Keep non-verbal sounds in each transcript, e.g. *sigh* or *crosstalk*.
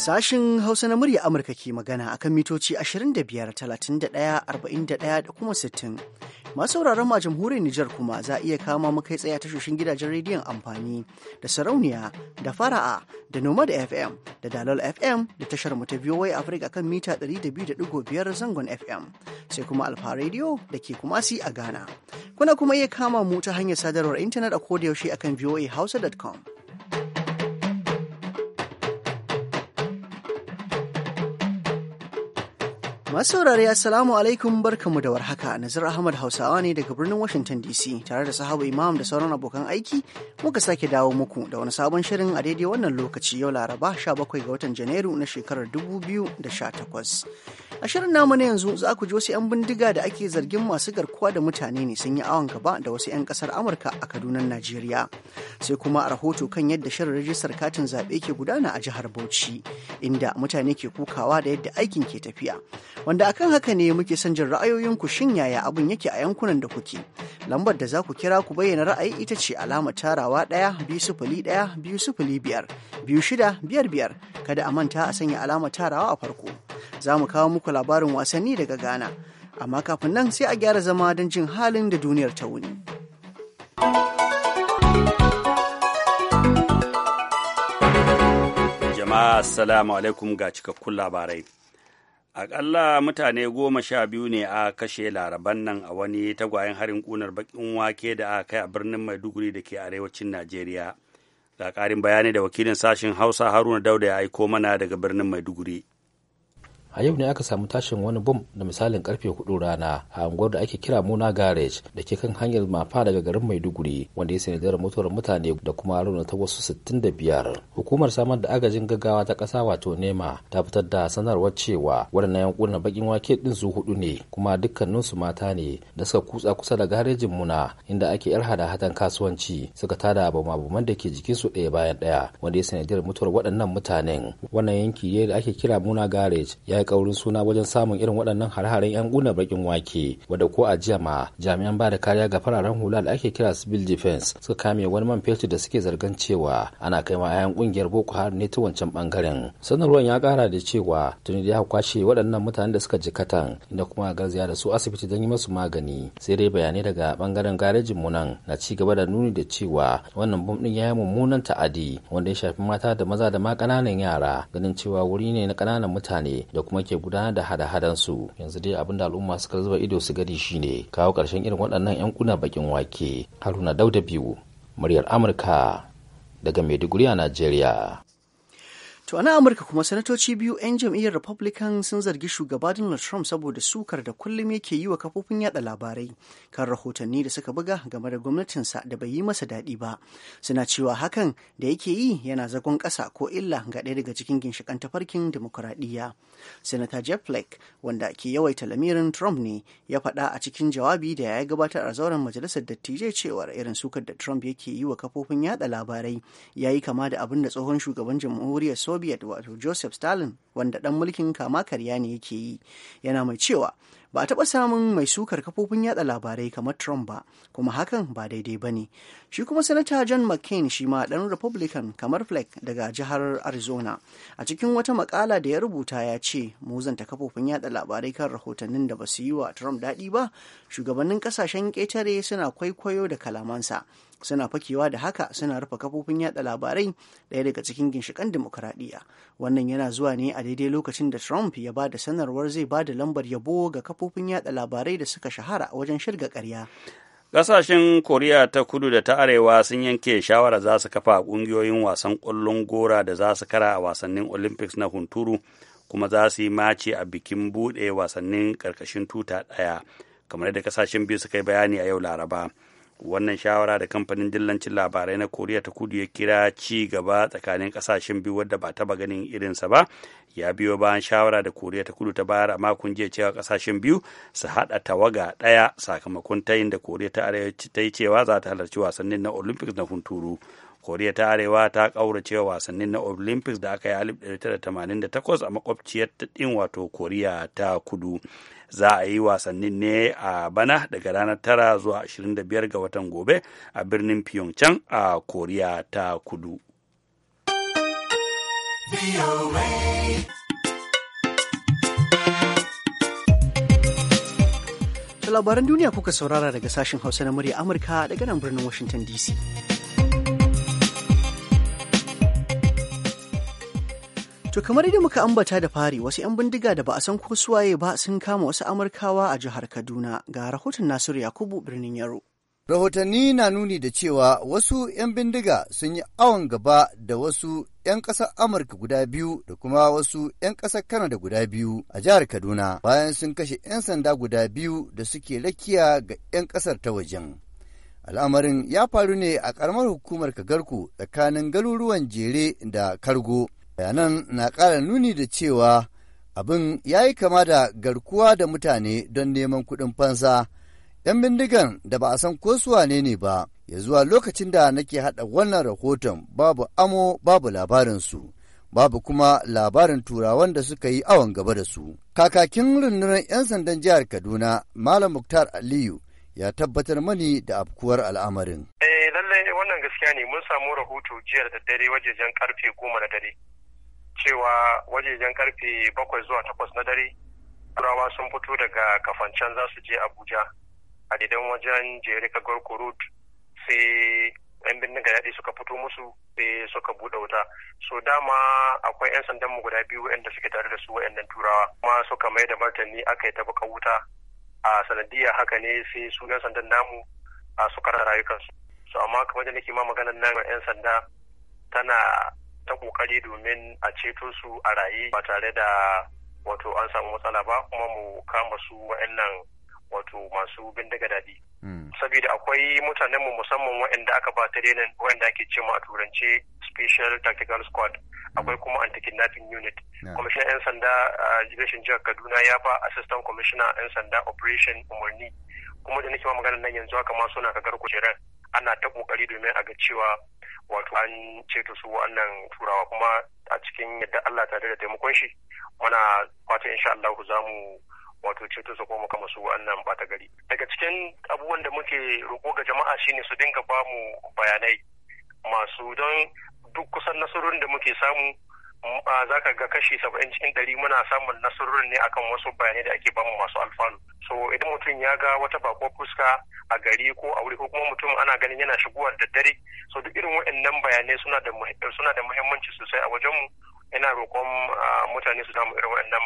Sashin Hausa na murya Amurka ke magana a kan mitoci 25, 31, 41 da kuma 60. Masu sauraron ma jamhuriyar Nijar kuma za a iya kama mu kai tsaye tashoshin gidajen rediyon amfani da sarauniya da fara'a da noma da FM da dalol FM da tashar mu ta wai Africa kan mita 200.5 zangon FM sai kuma Alfa Radio da ke kumasi a Ghana. Kuna kuma iya kama mu ta hanyar sadarwar intanet a kodayaushe akan voahausa.com. Masu saurare Assalamu alaikum mu da warhaka Nazir Ahmad Hausawa ne daga birnin Washington DC tare da sahabu Imam da sauran abokan aiki muka sake dawo muku da wani sabon shirin a daidai wannan lokaci yau Laraba 17 ga watan Janairu na shekarar 2018. A shirin namu na yanzu za ku ji wasu 'yan bindiga da ake zargin masu garkuwa da mutane ne sun yi awon gaba da wasu 'yan kasar Amurka a Kaduna Najeriya. Sai kuma a rahoto kan yadda shirin rajistar katin zaɓe ke gudana a jihar Bauchi inda mutane ke kukawa da yadda aikin ke tafiya. wanda akan haka ne muke son jin ra'ayoyinku shin yaya abun yake a yankunan da kuke lambar da za ku kira ku bayyana ra'ayi ita ce alama tarawa ɗaya biyu sufuli ɗaya biyu sifili biyar biyu shida biyar biyar kada a manta a sanya alama tarawa a farko za mu kawo muku labarin wasanni daga ghana amma kafin nan sai a gyara zama don jin halin da duniyar ta wuni. jama'a assalamu alaikum ga cikakkun labarai Aƙalla mutane goma sha biyu ne a kashe laraban nan a wani tagwayen harin ƙunar bakin wake da aka kai a birnin Maiduguri da ke arewacin Najeriya. Ga ƙarin bayani da wakilin sashen Hausa Haruna Dauda ya aiko mana daga birnin Maiduguri. a yau ne aka samu tashin wani bom da misalin karfe hudu rana a unguwar da ake kira muna garage da ke kan hanyar mafa daga garin maiduguri wanda ya sanadar mutuwar mutane da kuma ta wasu sittin da biyar hukumar samar da agajin gaggawa ta kasa wato nema ta fitar da sanarwar cewa waɗannan yankunan bakin wake din su hudu ne kuma dukkaninsu mata ne da suka kutsa kusa da garejin muna inda ake yar hada hatan kasuwanci suka tada bama-baman da ke jikin su ɗaya bayan ɗaya wanda ya sanadiyar mutuwar waɗannan mutanen wannan yanki da ake kira muna garage ya ya kaurin suna wajen samun irin waɗannan hare-haren 'yan ƙunar bakin wake wadda ko a jiya ma jami'an ba da kariya ga fararen hula da ake kira civil defense suka kame wani man fetur da suke zargan cewa ana kai ma 'yan ƙungiyar boko haram ne ta wancan bangaren sanarwar ya kara da cewa tuni da ya kwashe waɗannan mutanen da suka jikatan inda kuma garziya da su asibiti don yi masu magani sai dai bayanai daga bangaren garejin mu nan na ci gaba da nuni da cewa wannan bom din ya yi mummunan ta'adi wanda ya shafi mata da maza da ma ƙananan yara ganin cewa wuri ne na ƙananan mutane da kuma ke gudanar da hada-hadan su yanzu dai abin da al'umma suka zuba ido su gani shine kawo ƙarshen irin waɗannan 'yan kuna bakin wake haruna dauda biyu muryar amurka daga maiduguri a najeriya To a Amurka kuma sanatoci biyu 'yan jam'iyyar Republican sun zargi shugaba Donald Trump saboda sukar da kullum yake yi wa kafofin yada labarai kan rahotanni da suka buga game da gwamnatinsa da bai yi masa daɗi ba. Suna cewa hakan da yake yi yana zagon ƙasa ko illa ga ɗaya daga cikin ginshiƙan tafarkin demokuraɗiyya. Senata Jeff Flake wanda ke yawaita lamirin Trump ne ya faɗa a cikin jawabi da ya gabatar a zauren majalisar dattijai cewa irin sukar da Trump yake yi wa kafofin yada labarai ya yi kama da abin da tsohon shugaban jamhuriyar soviet wato joseph stalin wanda dan mulkin kama karya ne yake yi yana mai cewa ba a taɓa samun mai sukar kafofin yada labarai kamar trump ba kuma hakan ba daidai ba ne shi kuma sanata john mccain shi ma dan republican kamar flake daga jihar arizona a cikin wata makala da ya rubuta ya ce muzanta kafofin yada labarai kan rahotannin da ba su yi wa trump daɗi ba shugabannin ƙasashen ƙetare suna kwaikwayo da kalamansa suna fakewa da haka suna rufe kafofin yada labarai daya daga cikin ginshikan demokuraɗiyya wannan yana zuwa ne a daidai lokacin da trump ya ba da sanarwar zai ba da lambar yabo ga kafofin yada labarai da suka shahara wajen shirga ƙarya Ƙasashen Koriya ta kudu da ta arewa sun yanke shawara za su kafa ƙungiyoyin wasan ƙwallon gora da za su kara a wasannin Olympics na hunturu kuma za su yi mace a bikin buɗe wasannin ƙarƙashin tuta ɗaya kamar da ƙasashen biyu suka yi bayani a yau Laraba. wannan shawara da kamfanin dillancin labarai na koriya ta kudu ya kira ci gaba tsakanin kasashen biyu wadda ba taba ganin irinsa ba ya biyo bayan shawara da koriya ta kudu ta bayar a makon jiya cewa kasashen biyu su hada tawaga ɗaya sakamakon tayin da koriya ta arewaci ta yi cewa za ta halarci wasannin na olympics na hunturu koriya ta arewa ta kauracewa wasannin na olympics da aka yi a 1988 a makwabciyar ɗin wato koriya ta kudu za a yi wasannin ne a bana daga ranar 9 zuwa 25 ga watan gobe a birnin pyeongchang a koriya ta kudu labaran duniya kuka saurara daga sashen hausa na murya amurka daga nan birnin washington dc To kamar yadda muka ambata da fari wasu 'yan bindiga da ba a san ko suwaye ba sun kama wasu Amurkawa a jihar Kaduna ga rahoton Nasiru Yakubu birnin Yaro. Rahotanni na nuni da cewa wasu 'yan bindiga sun yi awon gaba da wasu 'yan ƙasar Amurka guda biyu da kuma wasu 'yan ƙasar Kanada guda biyu a jihar Kaduna bayan sun kashe 'yan sanda guda biyu da suke rakiya ga 'yan ƙasar ta wajen. Al'amarin ya faru ne a ƙaramar hukumar Kagarku tsakanin garuruwan Jere da Kargo. bayanan na ƙara nuni da cewa abin ya yi kama da garkuwa da mutane don neman kuɗin fansa 'yan bindigan da ba a san ko ne wane ne ba ya zuwa lokacin da nake haɗa wannan rahoton babu amo babu labarinsu babu kuma labarin turawan da suka yi awon gaba da su kakakin rundunar 'yan sandan jihar kaduna malam muktar aliyu ya tabbatar mani da afkuwar al'amarin eh lallai wannan gaskiya ne mun samu rahoto jiyar da dare wajejen karfe goma da dare cewa wajejen karfe bakwai zuwa takwas na dare turawa sun fito daga kafancan za su je abuja a gidan wajen jerika gorko sai yan birnin daɗi suka fito musu sai suka buɗe wuta so dama akwai yan sandan mu guda biyu wanda suke tare da su wa'annan turawa kuma suka mai da martani aka yi ta baka wuta a sanadiyar haka ne sai su yan sandan namu a suka rayukansu so amma kamar da nake ma maganar nan yan sanda tana ta kokari domin a ceto su a raye ba tare da wato an samu matsala ba kuma mu kama su wa'annan wato masu bindiga daɗi. Hmm. Saboda akwai mutanen mu musamman waɗanda aka ba training waɗanda ake ce a turance special tactical squad akwai hmm. kuma anti kidnapping unit. Kwamishinan 'yan sanda jirgin jihar Kaduna ya ba assistant commissioner 'yan sanda operation umarni kuma da nake ma magana nan yanzu haka ma suna kagar kujerar ana ta kokari domin a ga cewa wato an ceto su wannan turawa kuma a cikin yadda Allah ta da taimakon shi muna fatan insha Allah za mu wato ceto su kuma kama su wannan bata gari daga cikin abubuwan da muke roƙo ga jama'a shine su dinga ba mu bayanai masu don duk kusan nasarorin da muke samu za ka ga kashi saba'in cikin ɗari muna samun nasarorin ne akan wasu bayanai da ake bamu masu alfanu so idan mutum ya ga wata bako fuska a gari ko a wuri ko kuma mutum ana ganin yana shigowa da dare so duk irin waɗannan bayanai suna da suna da muhimmanci sosai a wajenmu ina roƙon mutane su samu irin waɗannan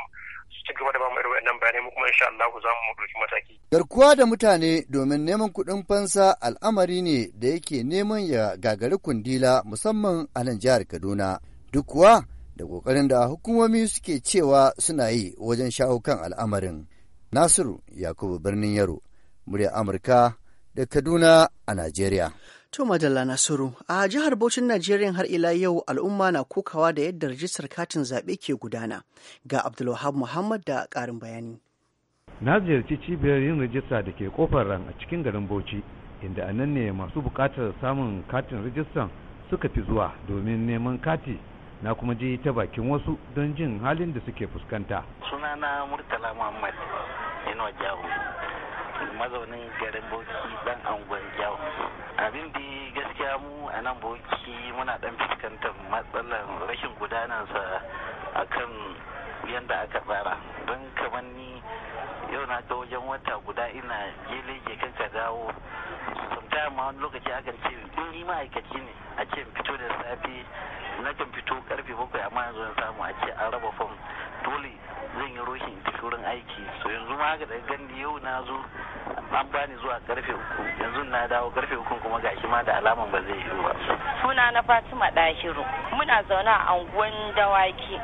su ci gaba da bamu irin waɗannan bayanai mu kuma insha Allah za mu ɗauki mataki garkuwa da mutane domin neman kuɗin fansa al'amari ne da yake neman ya gagari kundila musamman a nan jihar Kaduna duk kuwa da ƙoƙarin da hukumomi suke cewa suna yi wajen shawo kan al'amarin. Nasiru Yakubu Birnin Yaro, murya Amurka da Kaduna a Najeriya. To Madalla Nasiru, a jihar Bauchin Najeriya har ila yau al'umma na kokawa da yadda rajistar katin zaɓe ke gudana. Ga Abdulwahab Muhammad da karin bayani. Na ziyarci cibiyar yin rajista da ke kofar ran a cikin garin Bauchi, inda a nan ne masu bukatar samun katin rajistan suka fi zuwa domin neman kati na kuma je ta bakin wasu don jin halin da suke fuskanta sunana murtala muhammad ino jawo mazaunin garin boki dan angon jawo abin da gaskiya mu a nan boki muna dan fuskantar matsalar rashin gudanarsa akan yadda aka tsara don kamar yau na ga wajen wata guda ina jele ke kan ka dawo sometimes ma wani lokaci akan ce in eh, ni ma'aikaci ne a ce fito da safe na kan fito karfe bakwai amma yanzu na samu a ce an raba fom dole zan yi roshi in tafi wurin aiki so yanzu ma haka daga gandi yau na zo an bani zuwa karfe uku yanzu na dawo karfe uku kuma ga gashi ma da alaman ba zai yi ba suna na fatima dahiru muna zaune a anguwan dawaki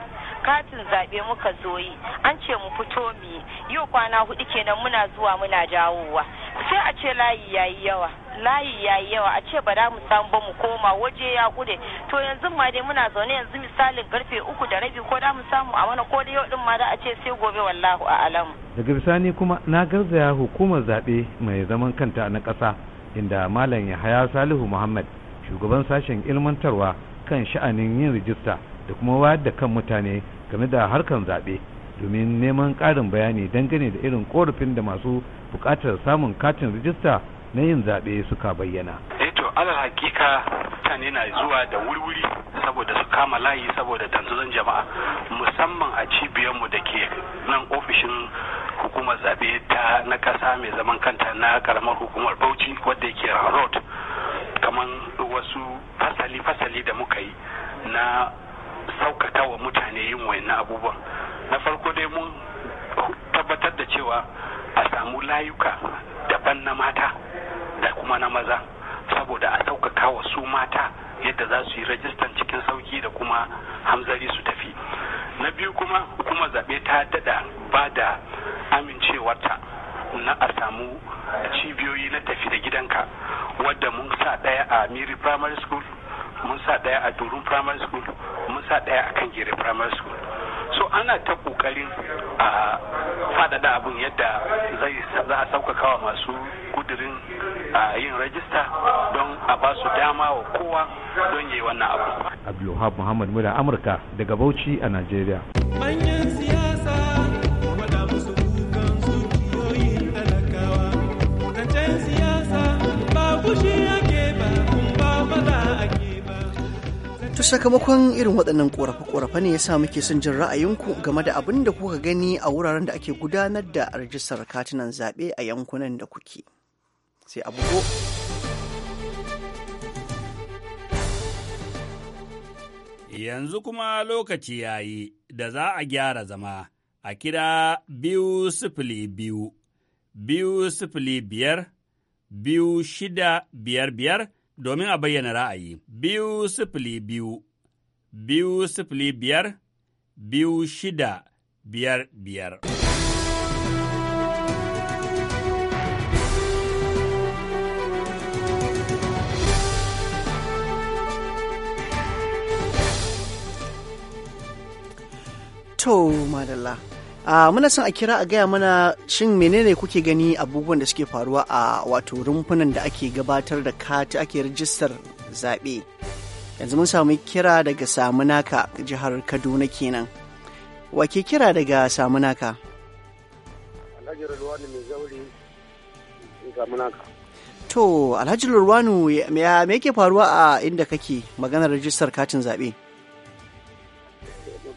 katin zaɓe muka zo yi an ce mu fito mu yi yau kwana hudu kenan muna zuwa muna jawowa sai a ce layi yi yawa layi ya yi yawa a ce ba za mu samu ba mu koma waje ya kure to yanzu ma dai muna zaune yanzu misalin karfe uku da rabi ko da mu samu a mana ko da yau din ma za a ce sai gobe wallahu a alamu daga bisani kuma na garzaya hukumar zaɓe mai zaman kanta na ƙasa inda malam yahaya salihu muhammad shugaban sashen ilmantarwa kan sha'anin yin rijista da kuma wayar da kan mutane game da harkan zaɓe domin neman ƙarin bayani dangane da irin korafin da masu buƙatar samun katin rijista na yin zaɓe suka bayyana. Eh to alal hakika mutane na zuwa da wurwuri saboda su kama layi saboda danzazon jama'a musamman a cibiyar mu da ke nan ofishin hukumar zaɓe ta na ƙasa mai zaman kanta na ƙaramar hukumar bauchi wadda ke road kamar wasu fasali-fasali da muka yi na ta wa mutane yin wayannan abubuwan na farko dai mun tabbatar da cewa a samu layuka daban na mata da kuma na maza saboda a sauƙaƙa wa su mata yadda za su yi rajistan cikin sauki da kuma hamzari su tafi na biyu kuma kuma zaɓe ta dada ba da amincewarta na a samu cibiyoyi na tafi da gidanka wadda mun sa ɗaya a miri primary school mun sa ɗaya a durun primary school mun sa ɗaya a kan gere primary school so ana ta kokarin a faɗaɗa abin yadda zai za a sauƙaƙa wa masu kudirin a yin rajista don a ba su dama wa kowa don yi wannan abu. Abdulhab Muhammad Mura Amurka daga Bauchi a Najeriya. Manyan siyasa siyasa To sakamakon irin waɗannan ƙorafe-ƙorafe ne yasa muke son jin ra'ayinku game da abin da kuka gani a wuraren da ake gudanar da rajistar katunan zaɓe a yankunan da kuke. Sai a bugo. Yanzu kuma lokaci ya yi da za a gyara zama a kira biyu sifili biyu, biyu sifili biyar, biyu shida biyar biyar domin a bayyana ra'ayi. Biyu sifili biyu, biyu sifili biyar, biyu shida biyar biyar. To, madalla. Uh, muna son a kira a gaya mana shin menene kuke gani abubuwan da suke faruwa a wato rumfunan da ake gabatar da kati ake rijistar zaɓe yanzu mun samu kira daga samunaka jihar kaduna kenan wake kira daga samunaka alhaji rulwanu mai zauri samunaka to alhaji rulwanu me yake faruwa a inda kake maganar rijistar katin zaɓe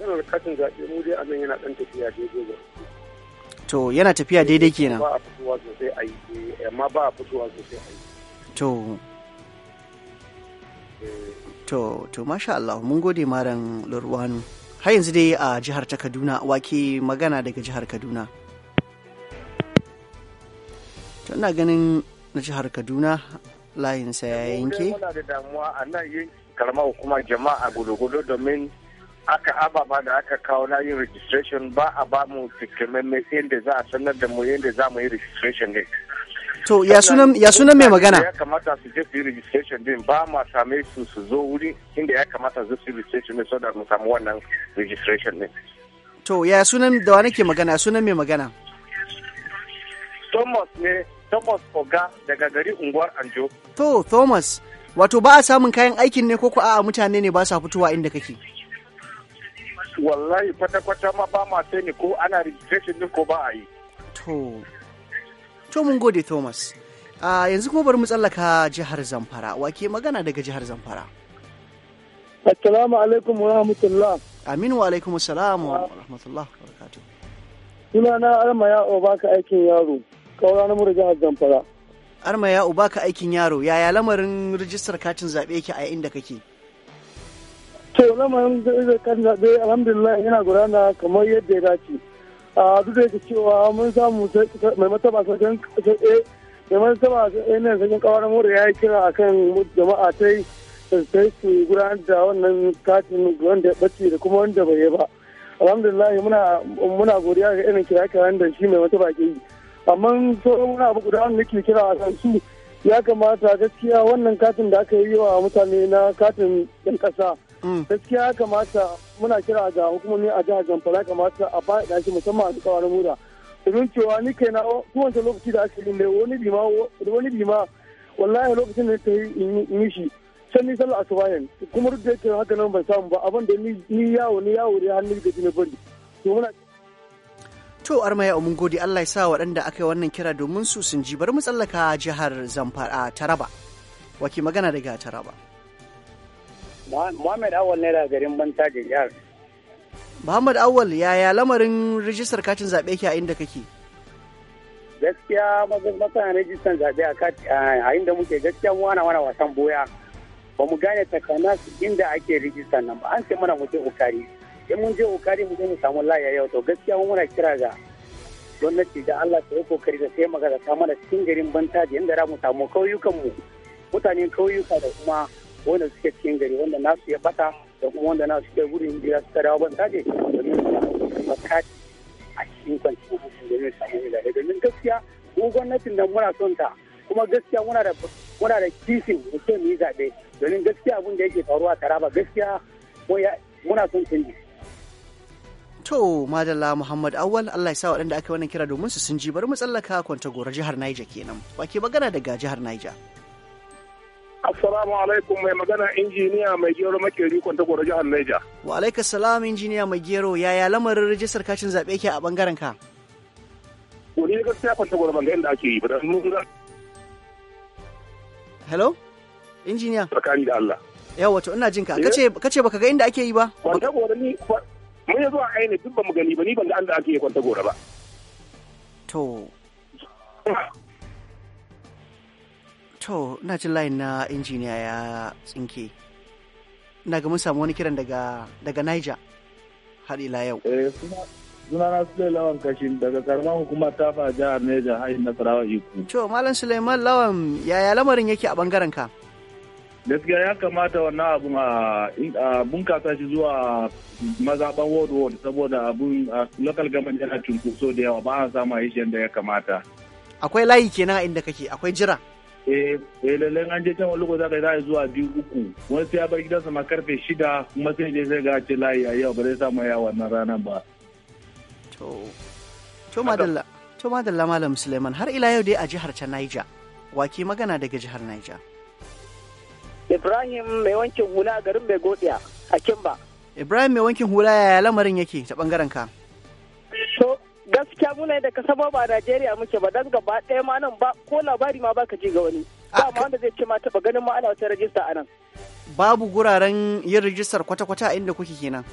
zaɓe mu dai a nan yana tafiya daidai To yana tafiya daidai kenan. Ba To. To, to masha Allah, mun gode maran Lurwanu. Har yanzu dai a jihar ta Kaduna, wake magana daga jihar Kaduna. To, ina ganin na jihar Kaduna layinsa ya yanke. da damuwa a nan yin karamar hukumar jama'a gudugudu domin aka ababa da aka kawo na yin registration ba a ba mu takamaiman yadda za a sanar da mu yadda za mu yi registration ne to ya sunan mai magana ya kamata su je su yi registration din ba ma same su su zo wuri inda ya kamata su yi registration ne da mu samu wannan registration ne to ya sunan da wani ke magana sunan mai magana Thomas ne Thomas Oga daga gari unguwar Anjo to Thomas wato ba a samun kayan aikin ne ko ko a'a mutane ne ba sa fitowa inda kake wallahi kwata-kwata ma ba ma sani ko ana registration din ko ba a yi to to mun gode thomas uh, yanzu kuma bari mu tsallaka jihar zamfara wake magana daga jihar zamfara assalamu alaikum wa rahmatullah aminu wa alaikum salam wa rahmatullah wa barakatuh sunana arma ya ka aikin yaro kaura na mura jihar zamfara arma ya ka aikin yaro yaya lamarin rijistar katin zaɓe yake a inda kake to lamarin zai kan zaɓe alhamdulillah yana gudana kamar yadda ya dace a duk da yake cewa mun samu mai mataba sarkin mai mataba yanayin sarkin kawar mura ya yi kira kan jama'a ta yi sai su gudanar da wannan katin wanda ya ɓace da kuma wanda bai yi ba alhamdulillah muna godiya ga irin kira-kiran da shi mai mataba ke yi amma sauran muna abu guda wanda ke kira a kan su ya kamata gaskiya wannan katin da aka yi wa mutane na katin 'yan ƙasa gaskiya kamata muna kira ga hukumomi a jihar zamfara kamata a ba da shi musamman a kawarin mura domin cewa ni kai na kowace lokaci da ake yin wani bima wani bima wallahi lokacin da ta yi shi can ni sallar asuba ne kuma duk da yake haka nan ban samu ba abin da ni yawo ni yawo da hannun gaji na bari to muna To armaya mun gode Allah ya sa waɗanda aka yi wannan kira domin su sun ji bari mu tsallaka jihar Zamfara Taraba. Waki magana daga Taraba. Muhammad Awal ne daga garin Banta da jihar. Muhammad Awal yaya lamarin rijistar katin zaɓe ke a inda kake? Gaskiya masana rijistar zaɓe a inda muke gaskiya mu wana mana wasan boya. Ba mu gane takana inda ake rijistar nan ba an ce mana mu je ukari. In mun je ukari mu je mu samu laya yau to gaskiya mu muna kira ga gwamnati da Allah ta yi kokari da sai magana ta mana cikin garin Banta da yadda za mu samu kauyukanmu mutanen kauyuka da kuma wanda suke cikin gari wanda nasu ya bata da kuma wanda nasu suke gudun hijira suka dawo ban daje domin kati a cikin kwanciyar hankali domin su samu hidaya domin gaskiya mu gwamnatin da muna son ta kuma gaskiya muna da muna da kishin mu mu yi zaɓe domin gaskiya abin da yake faruwa taraba gaskiya muna son canji To, Madalla Muhammad Awal, Allah ya sa waɗanda aka wannan kira domin su sun ji bari mu tsallaka kwanta gora jihar Niger kenan. Wake magana daga jihar Niger. Assalamu alaikum mai magana injiniya mai gero rikon ta gora jihar Neja. Wa alaika salam injiniya mai gero yaya lamarin rijistar kacin zaɓe ke a bangaren ka? Wani ne gaskiya kwanta gora bangaren da ake yi ba dan nuna. Hello? Injiniya. Tsakani da Allah. Yawa to ina jinka ka eh? ce baka ga inda ake yi ba? Kwanta gora ni mun yanzu zuwa aini duk ba mu gani ba ni ban ga inda ake yi kwanta gora ba. To. *laughs* to na ji line na injiniya ya tsinke na ga mun samu wani kiran daga daga niger har ila yau eh, sunana Sule Lawan Kashin daga karamar hukuma ta fa jihar Neja hayin Nasarawa iku To Malam Suleiman Lawan yaya lamarin yake a bangaren ka? Gaskiya ya kamata wannan abun a bunkasa shi zuwa mazaban world world saboda abun local government yana cunkoso da yawa ba a samu a da ya kamata. Akwai layi kenan a inda kake akwai jira. Eh, eh lallai an je can wani lokaci zaka za zuwa biyu uku wani sai ya bar gidansa ma karfe shida kuma sai je sai ga ce layi a yau ba zai samu ya wannan ranar ba. To, to madalla, to madalla malam Suleiman har ila yau dai a jihar ta Niger, wake magana daga jihar Niger. Ibrahim mai wankin hula garin mai godiya a Kimba. Ibrahim mai wankin hula yaya lamarin yake ta bangaren ka? gaskiya muna da kasa ba Najeriya muke ba dan gaba ɗaya ma nan ba ko labari ma baka ji ga wani. Ba ah, ma wanda zai ce ma taɓa ganin ma ana wata rajista a nan. Babu guraren yin rajistar kwata-kwata inda kuke kenan.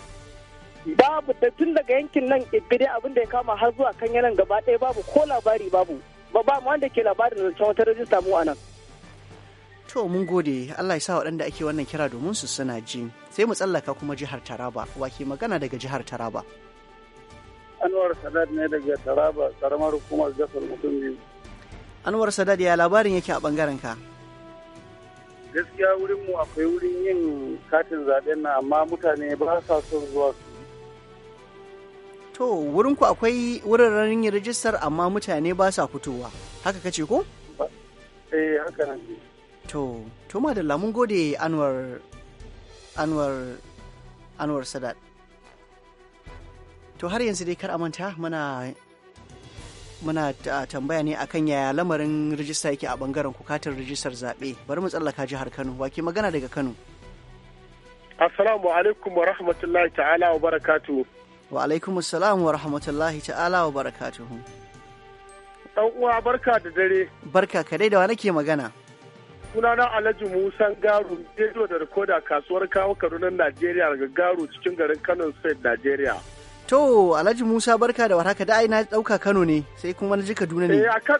Babu da tun daga yankin nan ibide abin da ya kama har zuwa kan yanan gaba ɗaya babu ko labari babu. Ba ba wanda ke labarin da wata rajista mu a nan. To mun gode Allah ya sa waɗanda ake wannan kira domin su suna ji sai mu tsallaka kuma jihar Taraba wake magana daga jihar Taraba. Anwar Sadat ne daga Taraba, karamar hukumar jasar mutum biyu. Anwar Sadat ya labarin yake a bangaren ka? Gaskiya wurin mu akwai wurin yin katin zaɓen na amma mutane ba sa son zuwa su. To wurin ku akwai wuraren yin rijistar amma mutane ba sa fitowa. Haka kace ko? Eh haka nan. To, to da lamun gode Anwar Anwar Anwar Sadat. to har yanzu dai kar a manta muna muna ah, tambaya ne akan yaya lamarin rijista yake a bangaren kukatar rijistar zaɓe bari mu tsallaka jihar kano wake magana daga kano assalamu alaikum wa rahmatullahi ta'ala wa barakatu. wa alaikum assalam wa rahmatullahi ta'ala wa barakatu. dan uwa barka da dare barka kadai da wa ke magana sunana alhaji musan garu rediyo da rikoda kasuwar kawo kaduna najeriya daga garu cikin garin kano state najeriya To Alhaji Musa barka da warhaka da na dauka Kano ne sai kuma na ji Kaduna ne. Eh,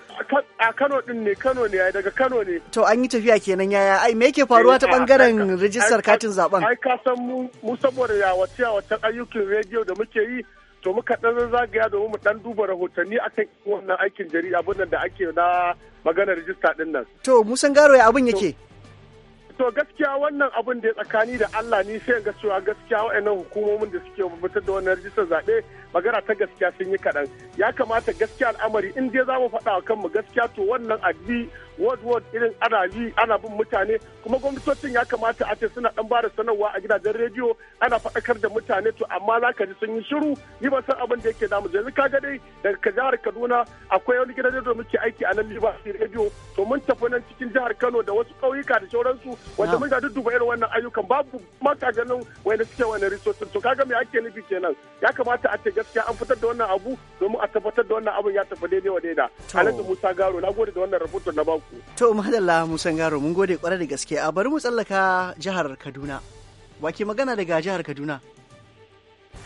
a Kano din ne Kano ne daga Kano ne. To an yi tafiya kenan yaya ai me yake faruwa ta bangaren eh, rijistar katin zaben? Ai ka san mu saboda ya wace wace ayyukan rediyo da muke yi to muka dan zagaya domin mu dan duba rahotanni akan wannan aikin jarida abin da ake na maganar rijista dinnan. To Musan Garo ya abin yake? to gaskiya wannan abin da ya tsakani da Allah ni sai ga cewa gaskiya wayannan hukumomin da suke mutar da wannan rijistar zaɓe magana ta gaskiya sun yi kaɗan ya kamata gaskiya al'amari in dai za mu faɗa wa kanmu gaskiya to wannan abi ward ward irin ana yi ana bin mutane kuma gwamnatocin ya kamata a ce suna dan da sanarwa a gidajen rediyo ana faɗakar da mutane to amma za ka ji sun yi shiru ni ba san abin da yake damu yanzu ka ga dai daga jihar Kaduna akwai wani gidan rediyo muke aiki a nan Liberty rediyo to mun tafi nan cikin jihar Kano da wasu ƙauyuka da sauransu wanda mun ga dudduba irin wannan ayyukan babu ma ka ganin wanda suke wani resources to kaga me ake nufi kenan ya kamata a ce gaskiya an fitar da wannan abu domin a tabbatar da wannan abun ya tafi daidai wa daida Alhaji Musa Garo na gode da wannan rahoton na baku To madalla Musan Garo mun gode kwarai da gaske a bari mu tsallaka jihar Kaduna. Wake magana daga jihar Kaduna.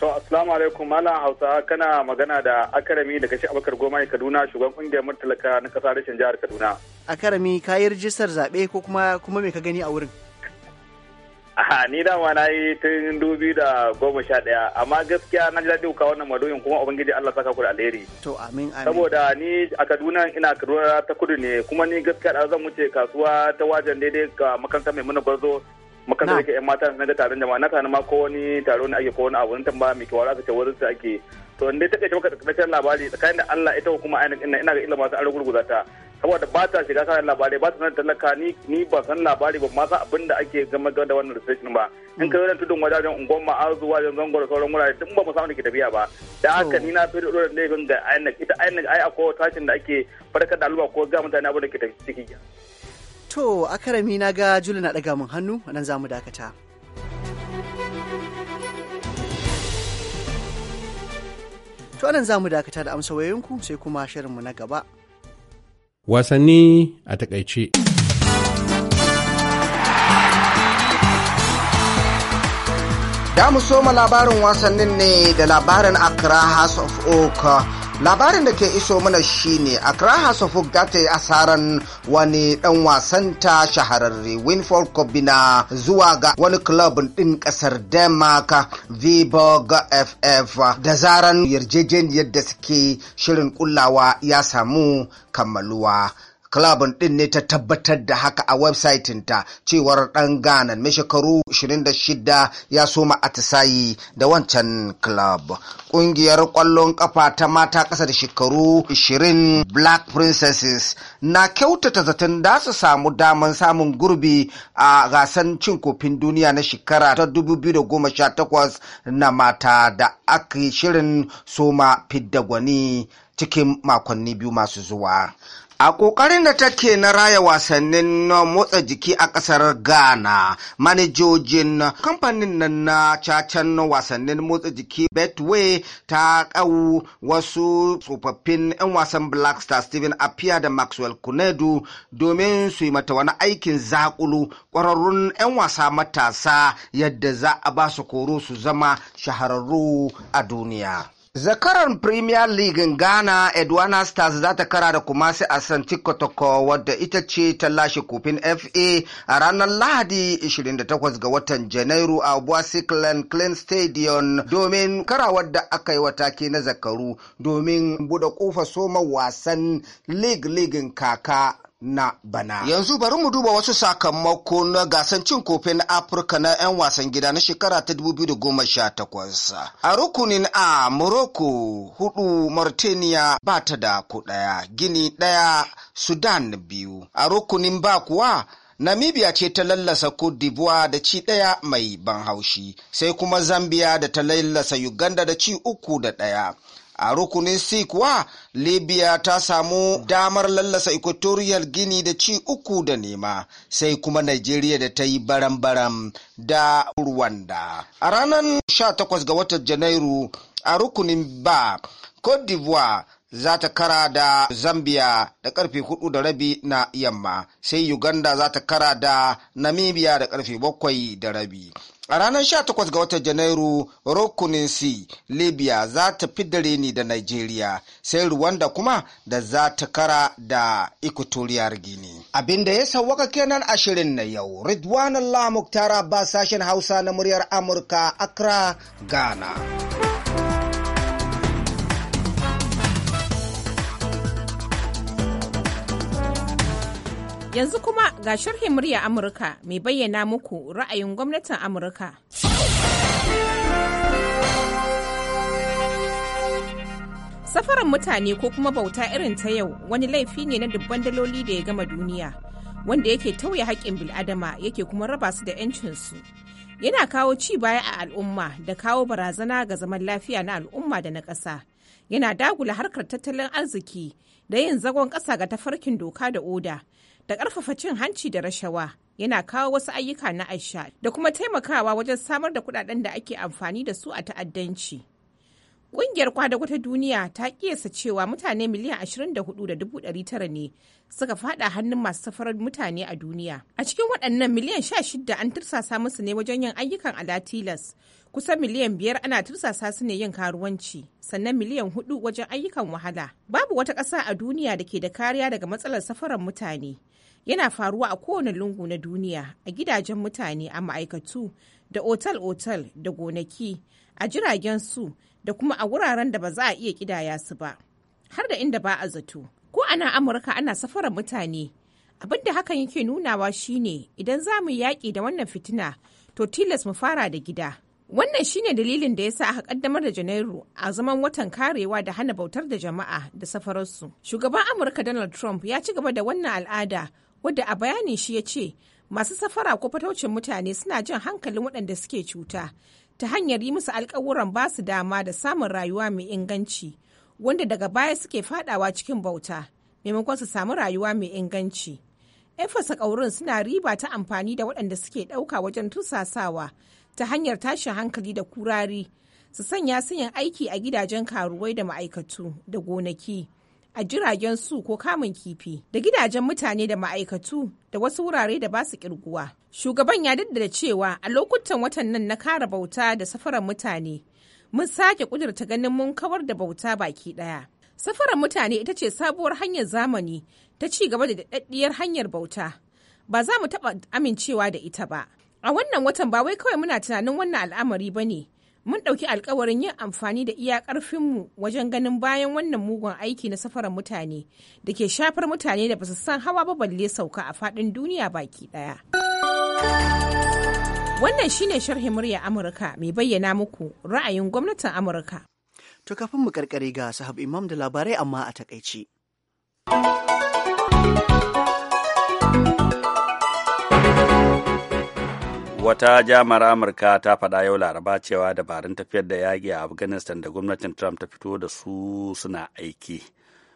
To assalamu alaikum malam Hausa kana magana da Akarami daga shi Abakar Goma Kaduna shugaban kungiyar Murtala na kasar rashin jihar Kaduna. Akarami kayi rijistar zabe ko kuma kuma me ka gani a wurin? Aha, ni dama na yi tun dubi da goma sha ɗaya amma gaskiya na ji daɗi kuka wannan madoyin kuma ubangiji Allah saka ku da alheri. To amin amin. Saboda ni a Kaduna ina Kaduna ta kudu ne kuma ni gaskiya da zan wuce kasuwa ta wajen daidai ga makaranta mai muna gwazo. makaranta da ke yan mata na ga taron jama'a na tana ma ko wani taro ne ake ko wani abu tamba mai kewara ka ce wurin su ake to ni dai take maka da labari tsakanin da Allah ita kuma ainihin ina ga illa masu an ta saboda ba ta shiga kan labarai ba ta sanar talaka ni ni ba san labari ba ma sa abin da ake game da wannan recession ba in ka yana tudun wajajen ungon ma'azu wajen zango da sauran wurare tun ba mu samu da ke tafiya ba da haka ni na fi da ɗorar laifin ga INEC ita INEC ai akwai tashin da ake farkar da al'umma ko ga mutane abin da ke ciki to a karami na ga juli na daga min hannu nan za mu dakata to nan za mu dakata da amsa wayoyinku sai kuma shirinmu na gaba Wasanni a takaice. Da mu soma labarin wasannin ne da labarin Accra House of Oak. labarin da ke iso mana shine accra house of ta yi asaran wani dan wasan ta shahararre winford kobina zuwa ga wani club din kasar denmark viborg ff da zaran yarjejeniyar da suke shirin kullawa ya samu kammaluwa Klabin ɗin ne ta tabbatar da haka a website ta cewar ɗan Ghana mai shekaru 26 ya soma atisayi da wancan club. Ƙungiyar ƙwallon ƙafa ta mata ƙasa da shekaru 20 Black Princesses na kyautata zaton da su samu daman samun gurbi a gasan cin kofin duniya na shekara ta 2018 na mata da aka shirin soma fidda gwani cikin makonni biyu masu zuwa. A ƙoƙarin da take na raya wasannin motsa jiki a ƙasar Ghana, manajojin kamfanin nan na cacan wasannin motsa jiki Betway ta ƙau wasu tsofaffin 'yan wasan Blackstar, Star Steven Appiah da Maxwell Kunedu domin su yi mata wani aikin zaƙulu ƙwararrun 'yan wasa matasa yadda za a ba su koro su zama shahararru a duniya. Zakaran Premier League in Ghana Edwana Stars za ta kara da Kumasi a Santi Kotoko wadda ita ce ta lashe kofin FA a ranar Lahadi 28 ga watan Janairu a Bwasi Clan Stadium domin karawar da aka yi wataki na zakaru domin buɗe kofa soma wasan League League kaka na bana. Yanzu bari mu duba wasu sakamako na gasan cin kofi na Afirka na 'yan wasan gida na shekara ta 2018. A rukunin A, Morocco hudu Mauritania ba ta da ku Gini ɗaya, Sudan biyu. A rukunin ba kuwa Namibia ce ta lallasa Cote d'Ivoire da ci ɗaya mai ban haushi, sai kuma Zambia da ta lallasa Uganda da ci uku da ɗaya. a rukunin c kuwa libya ta samu damar lallasa equatorial gini da ci uku da nema sai kuma nigeria da ta yi baram-baram da rwanda a ranar 18 ga watan janairu a rukunin ba cote d'ivoire za ta kara da zambia da karfe hudu da rabi na yamma sai uganda za ta kara da namibia da karfe 7 da rabi A ranar 18 ga watan Janairu, Rokuninsi, Libya za ta da reni da Nigeria, sai Rwanda kuma da za ta kara da Equatorial Guinea. Abin da ya sauwaka kenan a shirin na yau, Ridwan Allah Muktara ba sashen Hausa na muryar Amurka, Accra, Ghana. Yanzu kuma ga sharhin murya Amurka mai bayyana muku ra'ayin gwamnatin Amurka. Safaran mutane ko kuma bauta irin ta yau wani laifi ne na dubban daloli da ya gama duniya, wanda yake tauye haƙƙin bil'adama yake kuma raba su da 'yancinsu. Yana kawo ci baya a al'umma da kawo barazana ga zaman lafiya na al'umma da na ƙasa. Yana dagula harkar tattalin arziki da yin zagon ƙasa ga tafarkin doka da oda da ƙarfafa cin hanci da rashawa yana kawo wasu ayyuka na aisha da kuma taimakawa wajen samar da kudaden da ake amfani da su a ta'addanci ƙungiyar kwadago ta duniya ta kiyasta cewa mutane miliyan 24,900 ne suka fada hannun masu safarar mutane a duniya a cikin waɗannan miliyan 16 an tursasa musu ne wajen yin ayyukan alatilas kusan miliyan biyar ana tursasa su ne yin karuwanci sannan miliyan hudu wajen ayyukan wahala babu wata ƙasa a duniya da ke da kariya daga matsalar safarar mutane yana faruwa a kowane lungu na duniya a gidajen mutane a ma'aikatu da otal-otal da gonaki a jiragen su da kuma a wuraren da ba za a iya kidaya su ba har da inda ba a zato ko ana amurka ana safarar mutane abin da hakan yake nunawa shine idan za mu yaƙi da wannan fitina to tilas mu fara da gida wannan shine dalilin da ya sa aka kaddamar da janairu a zaman watan karewa da hana bautar da jama'a da safararsu shugaban amurka donald trump ya ci gaba da wannan al'ada wadda a bayanin shi ya ce masu safara ko fataucin mutane suna jin hankalin waɗanda suke cuta ta hanyar yi musu alkawuran ba su dama da samun rayuwa mai inganci wanda daga baya suke fadawa cikin bauta maimakon su samu rayuwa mai inganci. 'Yan ƙaurin suna riba ta amfani da waɗanda suke ɗauka wajen tusasawa ta hanyar tashin hankali da kurari su sanya su aiki a gidajen karuwai da ma'aikatu da gonaki. a jiragen su ko kamun kifi da gidajen mutane da ma'aikatu da wasu wurare da ba su kirguwa. Shugaban ya daddada cewa a lokutan watan nan na kara bauta da safaran mutane mun sake kudurta ganin mun kawar da bauta baki ɗaya. Safaran mutane ita ce sabuwar hanyar zamani ta ci gaba da daɗaɗɗiyar hanyar bauta. Ba za mu taɓa amincewa da ita ba. A wannan watan ba wai kawai muna tunanin wannan al'amari ba ne, mun ɗauki alkawarin yin amfani da iya ƙarfinmu wajen ganin bayan wannan mugun aiki na safarar mutane da ke shafar mutane da basu san hawa ba balle sauka a faɗin duniya baki ɗaya. Wannan shine sharhi murya Amurka mai bayyana muku ra'ayin gwamnatin Amurka. To kafin mu karkare ga sahab imam da labarai amma a takaici. Wata jami'ar Amurka ta faɗa yau Laraba cewa dabarun tafiyar da yaƙi a Afghanistan da gwamnatin Trump ta fito da su suna aiki.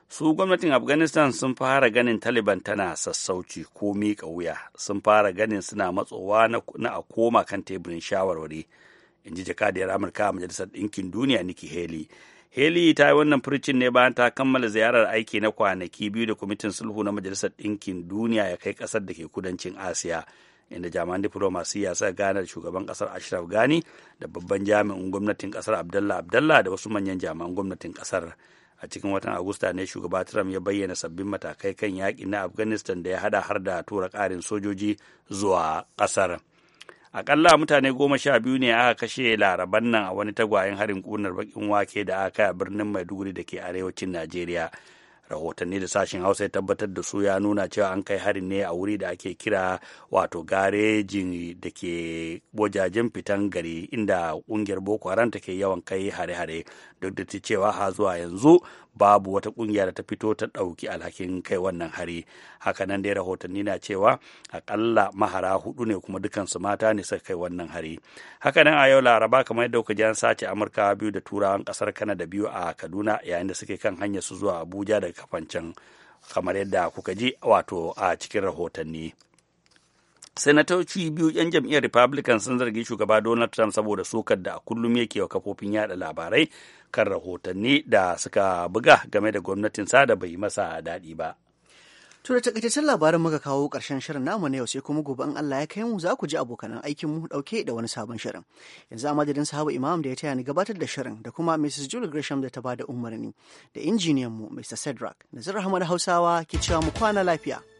Su gwamnatin Afghanistan sun fara ganin Taliban tana sassauci ko miƙa wuya, sun fara ganin suna matsowa na a koma kan teburin shawarwari, in ji jakadiyar Amurka a Majalisar Ɗinkin Duniya niki heli? Heli, ta yi wannan furcin ne bayan ta kammala ziyarar aiki na kwanaki biyu da kwamitin sulhu na Majalisar Ɗinkin Duniya ya kai ƙasar da ke kudancin Asiya. inda jami'an diflomasiyya suka gane da shugaban kasar ashraf gani da babban jami'in gwamnatin kasar abdallah abdallah da wasu manyan jami'an gwamnatin kasar a cikin watan agusta ne shugaba trump ya bayyana sabbin matakai kan yaƙi na afghanistan da ya hada har da tura ƙarin sojoji zuwa ƙasar akalla mutane goma sha biyu ne aka kashe laraban nan a wani tagwayen harin ƙunar bakin wake da aka a birnin maiduguri da ke arewacin najeriya rahotanni da sashen hausa ya tabbatar da su ya nuna cewa an kai harin ne a wuri da ake kira wato garejin da ke wajajen fitan gari inda kungiyar boko haram take yawan kai hare-hare duk da ta cewa ha zuwa yanzu babu wata kungiya da ta fito ta ɗauki alhakin kai wannan hari hakanan dai rahotanni na cewa akalla mahara hudu ne kuma dukansu mata ne suka kai wannan hari hakanan a yau laraba kamar yadda kuka an sace amurka biyu da turawan kasar kanada biyu a kaduna yayin da suke kan hanyar su zuwa abuja daga kafancan kamar yadda kuka ji wato a cikin rahotanni sanatoci biyu 'yan jam'iyyar republican sun zargi shugaba donald trump saboda sokar da a kullum yake wa kafofin yada labarai kan rahotanni da suka buga game da gwamnatinsa da bai masa daɗi ba To da takaitaccen labarin muka kawo ƙarshen shirin namu na yau sai kuma gobe in Allah ya kai mu za ku ji abokanan aikin mu dauke da wani sabon shirin. Yanzu a madadin sahabu Imam da ya taya ni gabatar da shirin da kuma Mrs. Julie Gresham da ta bada umarni da injiniyan mu Mr. Cedric. Nazir Ahmad Hausawa ke cewa mu kwana lafiya.